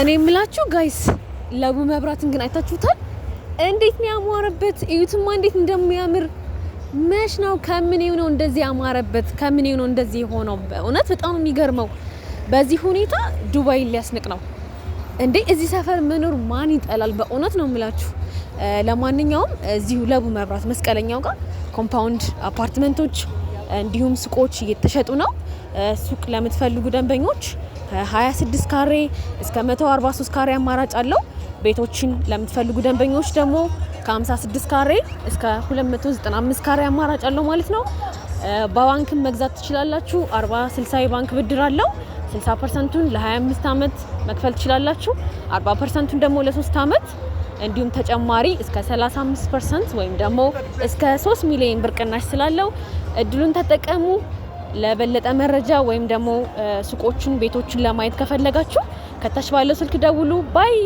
እኔ የምላችሁ ጋይስ ለቡ መብራትን ግን አይታችሁታል? እንዴት ነው ያማረበት! እዩትማ እንዴት እንደሚያምር መች ነው ከምን ነው እንደዚህ ያማረበት? ከምን ነው እንደዚህ የሆነው? በእውነት በጣም የሚገርመው በዚህ ሁኔታ ዱባይ ሊያስንቅ ነው እንዴ! እዚህ ሰፈር መኖር ማን ይጠላል? በእውነት ነው የምላችሁ። ለማንኛውም እዚሁ ለቡ መብራት መስቀለኛው ጋር ኮምፓውንድ አፓርትመንቶች እንዲሁም ሱቆች እየተሸጡ ነው። ሱቅ ለምትፈልጉ ደንበኞች ከ26 ካሬ እስከ 143 ካሬ አማራጭ አለው። ቤቶችን ለምትፈልጉ ደንበኞች ደግሞ ከ56 ካሬ እስከ 295 ካሬ አማራጭ አለው ማለት ነው። በባንክም መግዛት ትችላላችሁ። 40 60 የባንክ ብድር አለው። 60 ፐርሰንቱን ለ25 ዓመት መክፈል ትችላላችሁ። 40 ፐርሰንቱን ደግሞ ለ3 ዓመት እንዲሁም ተጨማሪ እስከ 35 ፐርሰንት ወይም ደግሞ እስከ 3 ሚሊዮን ብር ቅናሽ ስላለው እድሉን ተጠቀሙ። ለበለጠ መረጃ ወይም ደግሞ ሱቆችን፣ ቤቶችን ለማየት ከፈለጋችሁ ከታች ባለው ስልክ ደውሉ። ባይ